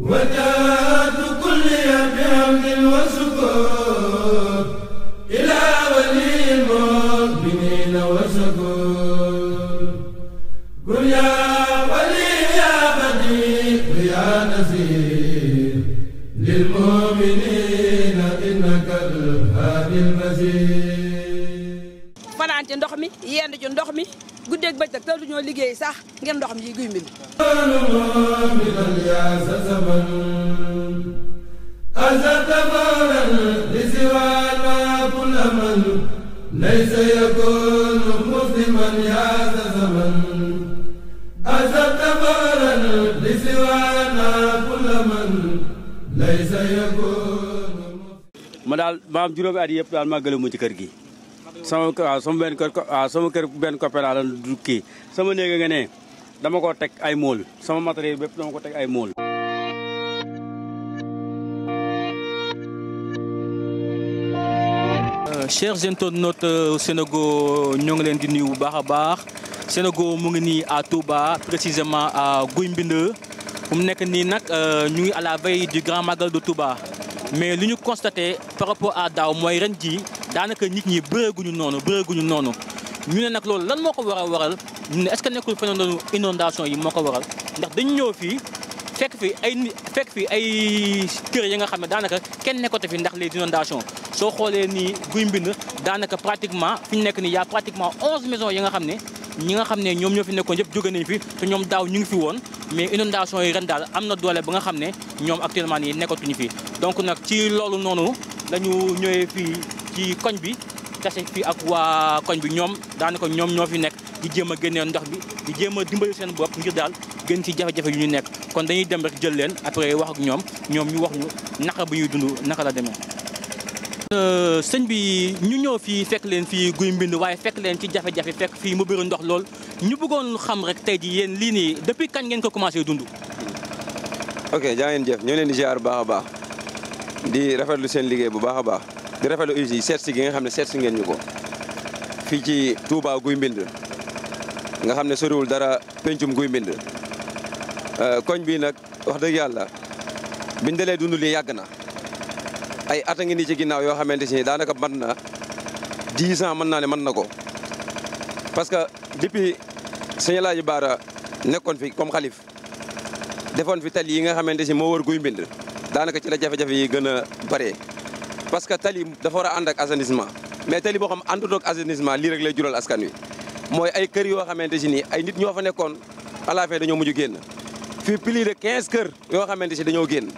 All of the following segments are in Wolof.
وسكون إلى ولي المؤمنين وسكون ci ndox mi guddeeg bëccëg te duñoo liggéey sax ngeen ndox mi yi guy mbind ma daal ma am juróomi at yëpp daal màggale mu ci kër gi sama waaw sama benn kër waaw sama benn coopéra la du kii sama néeg nga ne dama ko teg ay mool sama matériel bépp dama ko teg ay mool euh, chers internautes euh, Sénégo ñoo ngi leen di nuyu bu baax a baax Sénégo mu ngi nii à Touba précisément à Guy Mbind mu nekk nii nag euh, ñu ngi à la veille du grand magal de Touba mais li ñu constaté par rapport à daaw mooy ren ji daanaka nit ñi bëreeguñu noonu bëreeguñu noonu ñu ne nag loolu lan moo ko war a waral ñu ne est-ce que nekkul phénomène inondation yi moo ko waral ndax dañu ñëw fii fekk fi ay fekk fi ay kër yi nga xam ne daanaka kenn nekkatu fi ndax les inondations soo xoolee nii guy mbind daanaka pratiquement fi ñu nekk nii y'a pratiquement onze maisons yi nga xam ne ñi nga xam ne ñoom ñoo fi nekkoon yëpp jóge nañ fi te ñoom daaw ñu ngi fi woon mais inondation yi ren daal am na doole ba nga xam ne ñoom actuellement nii nekkatuñu fi donc lañu ñëwee fii ci koñ bi tase fii ak waa koñ bi ñoom daanaka ñoom ñoo fi nekk di jéem a génnee ndox bi di jéem a dimbali seen bopp ngir daal gën ci jafe-jafe yu ñu nekk kon dañuy dem rek jël leen après wax ak ñoom ñoom ñu wax ñu naka bi ñu dund naka la demee. Euh, sëñ bi ñu ñëw fii fekk leen fii guy mbind waaye fekk leen ci jafe-jafe fekk fii mu bëri ndox lool ñu bëggoon xam rek tey ji yéen lii nii depuis kañ ngeen ko commencé dund. ok jaa ngeen jëf ñoo leen di ziar bu baax a baax di rafetlu seen liggéey bu baax a baax. di rafetlu us yi gi nga xam ne seet si ngeen ñu ko fii ci tuuba guy mbind nga xam ne soriwul dara pencum guy mbind euh, koñ bi nag wax dëgg yàlla biñ dalee dund lii yàgg na ay at a ngi nii ci ginnaaw yoo xamante si daanaka mat na dix ans mën naa ne mën na ko parce que depuis sëñ Alaaji Baara nekkoon fi comme xalif defoon fi tali yi nga xamante si moo war guy mbind daanaka ci la jafe-jafe yi gën a bare parce que tali dafa war a ànd ak mais tali boo xam àndut ak assainissement lii rek lay jural askan wi mooy ay kër yoo xamante si nii ay nit ñoo fa nekkoon à la fin dañoo mujj génn fii plus de 15 kër yoo xamante si dañoo génn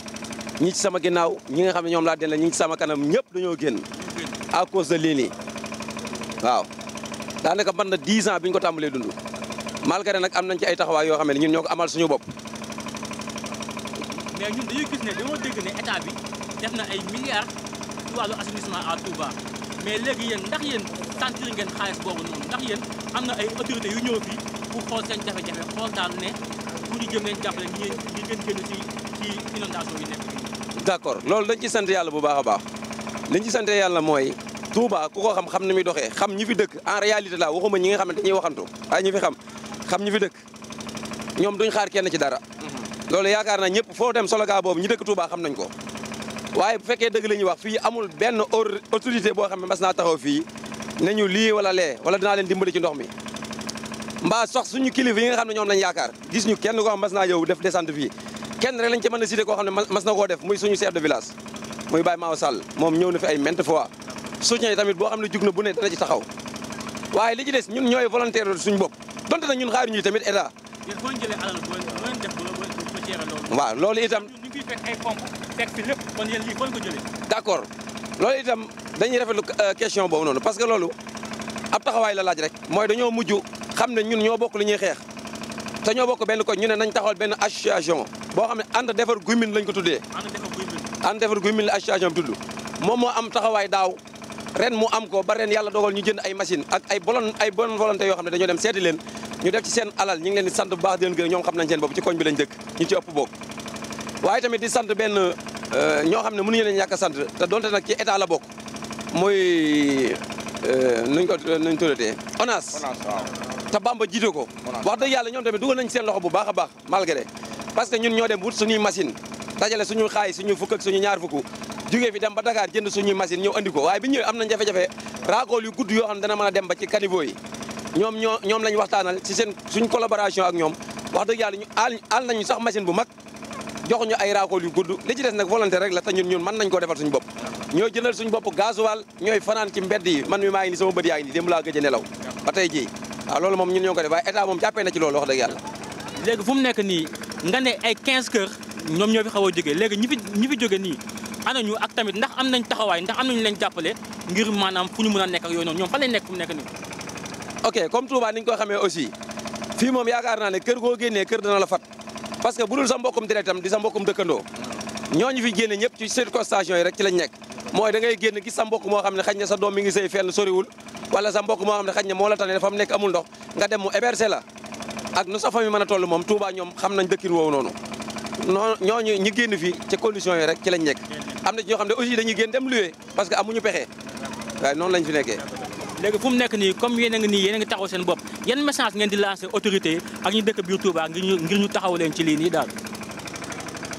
ñi ci sama ginnaaw ñi nga xam ne ñoom laa den la ñi ci sama kanam ñëpp dañoo génn à cause de lii nii waaw daanaka mën na 10 ans bi ñu ko tàmbalee dund malgré nag am nañ ci ay taxawaay yoo xam ne ñun ñoo ko amal suñu bopp. mais état bi def na ay ci wàllu assainissement à Touba mais léegi yéen ndax yéen sentir ngeen xaalis boobu noonu ndax yéen am na ay autorité yu ñëw fii pour xool seen jafe-jafe xool daal ne pour ñu jëm leen jàppale ñi ñi ci ci inondation yi nekk d' accord loolu dañ ci sant yàlla bu baax a baax liñ ci sante yàlla mooy Touba ku ko xam xam ni muy doxee xam ñi fi dëkk en réalité la waxuma ñi nga xam ne dañuy waxantu waaye ñi fi xam xam ñi fi dëkk ñoom duñ xaar kenn ci dara mhm. loolu yaakaar naa ñëpp foo dem sologa boobu ñi dëkk Touba xam nañ ko waaye bu fekkee dëgg la wax fii amul benn autorité boo xam ne mas naa taxaw fii ne ñu lii wala lee wala dinaa leen dimbali ci ndox mi mbaa sox suñu kilifa yi nga xam ne ñoom lañ yaakaar gis ñu kenn koo xam mas naa yow def descente fii kenn rek lañ ci mën a cité koo xam ne mas na koo def muy suñu chef de village muy Baye Maaw Sall moom ñëw na fi ay maintes fois soutien tamit boo xam ne jug na bu ne dana ci taxaw waaye li ci des ñun ñooy volontaire suñu bopp donte nag ñun xaaruñu tamit état waaw loolu itam fekk fi lépp kon yéen lii fan nga jëlee. d' accord loolu itam dañuy rafetlu euh, question boobu noonu parce que loolu ab taxawaay la laaj rek mooy dañoo mujj xam ne ñun ñoo bokk li ñuy xeex te ñoo bokk benn ko ñu ne nañ taxawal benn association boo xam ne ànd defar Gouye Mine lañ ko tuddee. ànd defar Gouye Mine la association moom moo am taxawaay daaw. ren mu am ko ba ren yàlla dogal ñu jënd ay machine ak ay bolon ay bonne volonté yoo xam ne dañoo dem seeti leen ñu def ci seen alal ñu ngi leen di sant bu baax di leen gërëm ñoom xam nañ seen bopp Euh, ñoo xam ne mënuñu leen ñàkk a sant te donte nag ci état la bokk mooy euh, nuñ ko nuñ tuddee ONAS te Bamba jiite ko wax dëgg yàlla ñoom tamit dugal nañ seen loxo bu baax a baax malgré parce que ñun ñoo dem wut suñuy machine dajale suñu xaay suñu fukk suñu ñaar fukk jógee fi dem ba Dakar jënd suñuy machine ñëw andi ko waaye bi ñëwee am nañ jafe-jafe raakool yu gudd yoo xam dana mën a dem ba ci caniveau yi ñoom ñoo ñoom lañ waxtaanal si seen suñ collaboration ak ñoom wax dëgg yàlla ñu aal nañu sax machine bu mag joxuñu ay raakool yu gudd li ci des nag volonté rek la te ñun ñun mën nañ koo defal suñu bopp ñoo jëndal suñu bopp gasoil ñooy fanaan ci mbedd man mi maa ni sama bët yaa ngi ni démb laa gëj a nelaw ba tey jii waaw loolu moom ñun ñoo ko def waaye état moom jàppee na ci loolu wax dëgg yàlla léegi fu nekk nii nga ne ay quinze kër ñoom ñoo fi xaw a jógee léegi ñi fi ñi fi jóge nii anañu ak tamit ndax am nañ taxawaay ndax am nañu leen jàppale ngir maanaam fu ñu a nekk ak yooyu noonu ñoom fan lañ nekk fu mu nekk nii xamee aussi fii moom yaakaar naa ne kër goo génnee kër dana la fat parce que bu dul sa mbokkum deretam di sa mbokkum dëkkandoo ñooñu fi génne ñëpp ci circonstances yi rek ci lañ nekk mooy da ngay génn gis sa mbokk moo xam ne xañ na sa doom mi ngi sëy fenn soriwul wala sa mbokk moo xam ne xañ na moo la tane fa mu nekk amul ndox nga dem mu héberger la ak nu sa famille mën a toll moom Touba ñoom xam nañ dëkkin woowu noonu noonu ñooñu ñi génn fii ci condition yi rek ci lañ nekk am na ci ñoo xam ne aussi dañuy génn dem louer parce que amuñu pexe waaye noonu lañ fi nekkee léegi fu mu nekk nii comme yéen a ngi nii yéen a ngi taxaw seen bopp yan message ngeen di lancer autorité ak ñu dëkk biir Touba ngir ñu taxaw leen ci lii nii daal.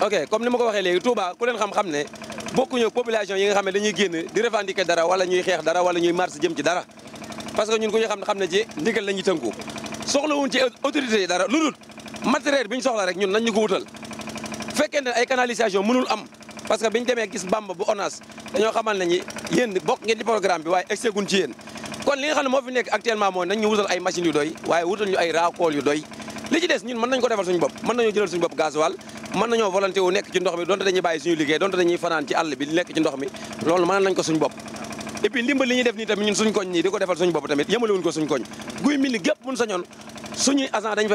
ok comme ni ma ko waxee léegi Touba ku leen xam-xam ne bokkuñu population yi nga xam ne dañuy génn di revendiquer dara wala ñuy xeex dara wala ñuy marche jëm ci dara parce que ñun ku ñu xam ne xam ne ci ndigal la ñuy tënku soxlawuñ ci autorité yi dara lu dul matériel bi ñu soxla rek ñun nañ ñu ko wutal fekkee ne ay canalisation mënul am parce que biñu demee gis Bamba bu ONAS dañoo xamal nañu yéen bokk ngeen ci programme bi waaye egseegun ci kon li nga xam ne moo fi nekk actuellement mooy nañ ñu wutal ay machines yu doy waaye wutal ay raakool yu doy li ci des ñun mën nañ ko defal suñu bopp mën nañoo jëlal suñu bopp gasoil mën nañoo volonté wu nekk ci ndox mi donte dañuy bàyyi suñu liggéey donte dañuy fanaan ci àll bi nekk ci ndox mi loolu mën nañ ko suñu bopp et puis ndimbal li ñuy def nii tamit ñun suñ koñ nii di ko defal suñu bopp tamit yemalewuñ ko suñ koñ guy mil ni gépp mun sañoon suñuy agent dañ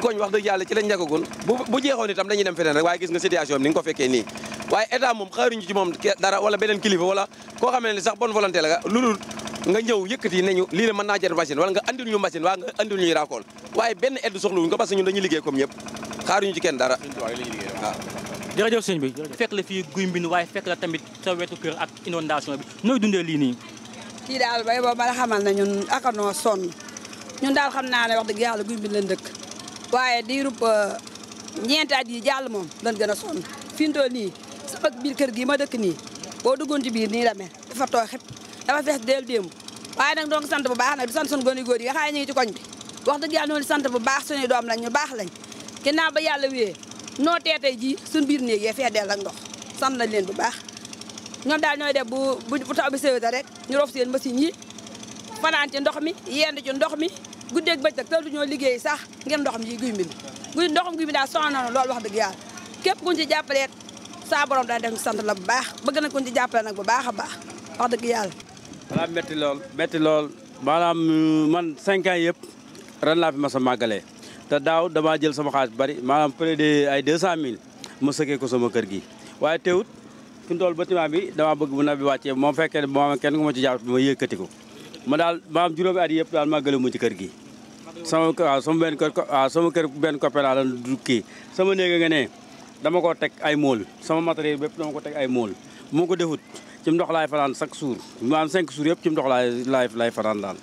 ko wax dëgg ci lañ nekkagun bu jeexoon itam dañuy dem feneen rek waaye gis nga situation bi ni waaye état moom xaaruñu ci moom dara wala beneen kilifa wala koo xam ne sax bonne volonté la lu dul nga ñëw yëkkati nañu ñu la mën naa jar machine wala nga andil ñu machine waa nga andil ñuy raakool waaye benn aide soxlawuñ ko parce que ñun dañuy bi fekk waaye fekk la tamit sa wetu bi nooy dundee nii kii daal bay boobu bala xamal na ñun akanoo sonn ñun daal xam naa ne wax dëgg yàlla guy mbind lañ dëkk waaye diirub euh, ñeenti at yi jàll moom lañ gën a sonn fi mu nii yëpp ak biir kër gii ma dëkk nii boo duggoon ci biir nii la mel dafa tooy xit dafa fees deel démb waaye nag donc sant bu baax nag di sant suñu gone góor yi nga xam ne ñu wax dëgg yàlla noonu sant bu baax suñuy doom lañ ñu baax lañ ginnaaw ba yàlla wéyee noo tee tey jii suñu biir néeg yee fee deel ak ndox sant nañ leen bu baax ñoom daal ñooy de bu bu taw bi sewita rek ñu rof seen machine yi fanaan ci ndox mi yend ci ndox mi guddeeg bëccëg tëldu ñoo liggéey sax ngeen ndox mi yi guy mbind guy ndoxam guy mbind daal soxna na loolu wax dëgg yàlla képp kuñ ci jàppalee saa borom day def ñu sant la bu baax bëgg nañ ko ci jàppale nag bu baax a baax wax dëgg yàlla. maanaam métti lool metti lool maanaam euh, man cinq yëpp ren laa fi ma a màggalee te daaw damaa jël sama xaalis bu bari maanaam près de ay deux cent ma sëkkee ko sama kër gi waaye teewut fi mu toll bâtiment bi damaa bëgg bu nawet bi wàccee moom fekkee ne moom kenn ku ma ci jàpp ma yëkkati ko ma daal maanaam juróomi at yëpp daal màggale mu ci kër gi. sama waaw sama benn kër waaw sama kër benn copain laa doon kii sama néeg nga ne. dama ko teg ay mool sama matériel bépp dama ko teg ay mool moo ko defut ci ndox laay fanaan chaque jour maanaam cinq jours yëpp ci ndox laay laay laay fanaan daal.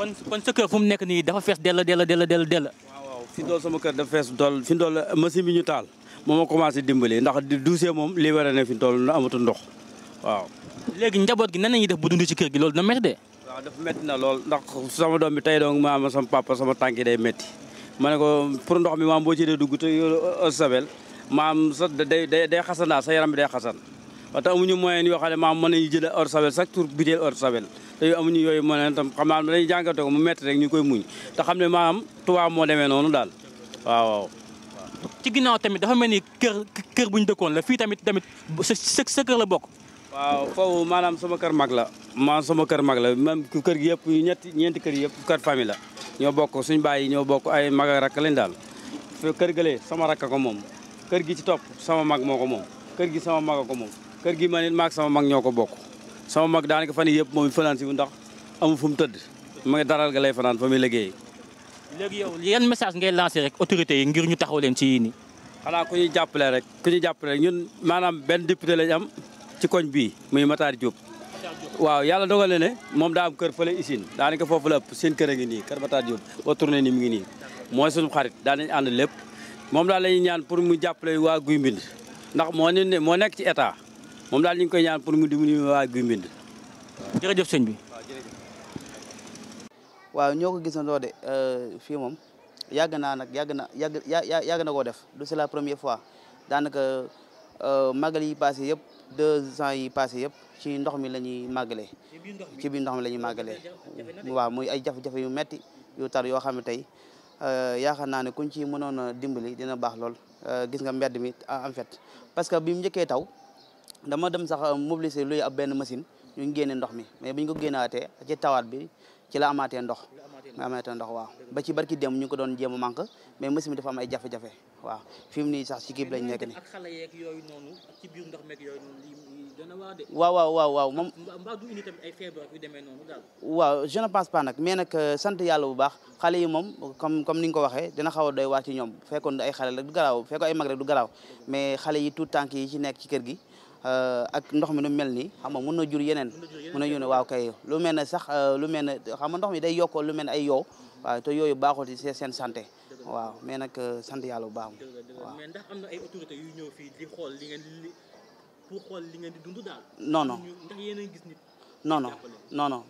kon kon sa fu mu nekk nii dafa fees dell dell dell dell dell. waaw sama kër dafa fees dool fi mu dool eh, machine bi ñu taal moom a commencé dimbale ndax douze moom lii war ne fi mu dool amatul ndox waaw. léegi njaboot gi nan la ñuy def bu dund ci kër gi loolu na métti de. waaw dafa métti na lool ndax sama doom bi tey donc maama sama papa sama tànk day métti ma ne ko pour ndox mi maam boo ci dee dugg te eh, maam sa day day day xasan daal sa yaram bi day xasan te amuñu moyen yoo xam ne maam mën nañu jël or sawel chaque tour butéel or sawel te amuñu yooyu mën tam xam naa dañuy jàngate ko mu metti rek ñu koy muñ te xam ne maam tubaab moo demee noonu daal waaw waaw ci ginnaaw tamit dafa mel ni kër kër bu dëkkoon la fii tamit tamit sa sa kër la bokk waaw foofu maanaam sama kër mag la maan sama kër mag la même kër gi yëpp ñetti ñeenti kër yëpp kër famille la ñoo bokk suñu bàyyi ñoo bokk ay mag ak rakk lañ daal kër gëlee sama rakk ko moom kër gi ci topp sama mag moo ko moom kër gi sama mag ko moom kër gi ma nit maag sama mag ñoo ko bokk sama mag daanaka fan yii yëpp moom fanaan si ndax amu fu mu tëdd ma ngi daral ga lay fanaan fa muy liggéey léegi yow yan message ngay lancé rek autorité yi ngir ñu taxaw leen ci yii nii xanaa ku ñu jàppale rek ku ñu jàppale rek ñun maanaam benn député lañ am ci koñ bii muy Matar Diop waaw yàlla dogale ne moom daa am kër fële usine daanaka foofu la ëpp seen kër a ngi nii kër Matar Diop boo tourné ni mu ngi moom daal la ñuy ñaan pour mu jàppale waa Guy Mbind ndax moo ne moo nekk ci état moom daal ñu ngi koy ñaan pour mu dimbali waa Guy Mbind. jërëjëf sëñ bi. ñoo ko gisandoo de euh, fii moom yàgg naa nag yàgg na yàgg yàgg na koo def du c'est la première fois daanaka euh, màggal yi passé yëpp deux ans yi passé yëpp ci ndox mi la ñuy màggalee. ci biir ndox mi la ñuy màggalee. waaw muy ay jafe-jafe yu metti yu tar yoo xam ne tey. Euh, yaakaar naa ne kuñ ci mënoon a dimbali dina baax lool euh, gis nga mbedd mi en fait parce que bi mu njëkkee taw dama dem sax euh, mobiliser luy a benn machine ñu génne ndox mi mais biñ ko génnaatee ci tawaat bi ci la amaatee ndox la amaatee ndox waa ba ci barki dem ñu ko doon jéem a manque mais machine bi dafa am ay jafe-jafe waaw fi mu nii sax ci kii nekk ni waaw waaw waaw waaw moom. mbaa du nag mais nag euh, sant yàlla bu baax xale yi moom kom comme ni nga ko waxee dina xaw a doy waa ci ñoom fekkoon ay xale rek du garaaw fekkoon ay mag rek du garaaw mais xale yi tout tànk yi ci nekk ci kër gi. Euh, ak ndox mi nu mel nii xam nga na jur yeneen mun na jur waaw kay lu mel ne sax euh, lu mel ne xam ndox mi day yokkoo lu mel ne ay yow waaw te yooyu baaxul ci seen santé waaw mais nag sant yàlla bu baax waaw pour xool li ngeen di dund daal.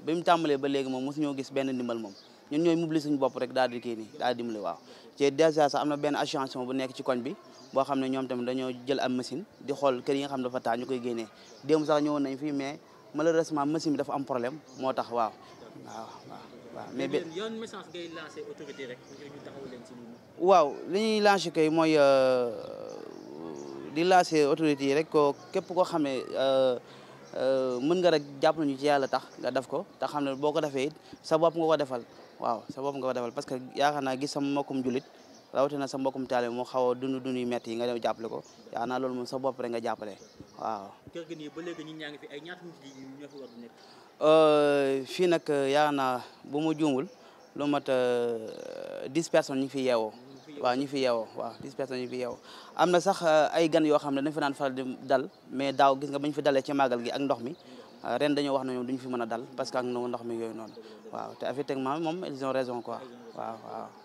bi mu tàmbalee ba léegi moom mosu ñoo gis benn dimbal moom ñun ñooy mobiliser suñu bopp rek daal di kii nii daal di dimbali waaw. te dèjà sax am na benn assurance bu nekk ci koñ bi boo xam ne ñoom tamit dañoo jël am machine di xool kër yi nga xam dafa taa ñu koy génnee démb sax ñëwoon nañ fii mais malheureusement machine bi dafa am problème moo tax waaw. waaw waaw waaw mais bi waaw li ñuy lancer kay mooy. Euh, di lancé autorités yi rek ko képp koo xam ne euh, euh, mën nga rek jàpp nañu ci yàlla tax nga def ko te xam ne boo ko defee sa bopp nga ko defal waaw sa bopp nga ko parce que yaakaar naa gis sama mbokkum jullit rawatina sa mbokkum taale moo xaw a dund dund yu métti nga dem jàppale ko yaakaar lool loolu moom sa bopp rek nga jàppale waaw. kër gi ba léegi ñun ñaa ngi fi ay ñaata nit yi ñoo fi war euh, fii nag yaakaar naa bu ma juumul lu mat dix personnes ñu fi yeewo waaw ñu fi yeewoo waaw dix personnes ñu fi am na sax euh, ay gan yoo xam ne dañ fa daan faral di mais daaw gis nga bañ fi dalee ci màggal gi ak ndox mi euh, ren dañoo wax ne ñoom duñu fi mën a dal parce que ak ndox mi yooyu noon waaw te effectivement moom ils ont raison quoi waaw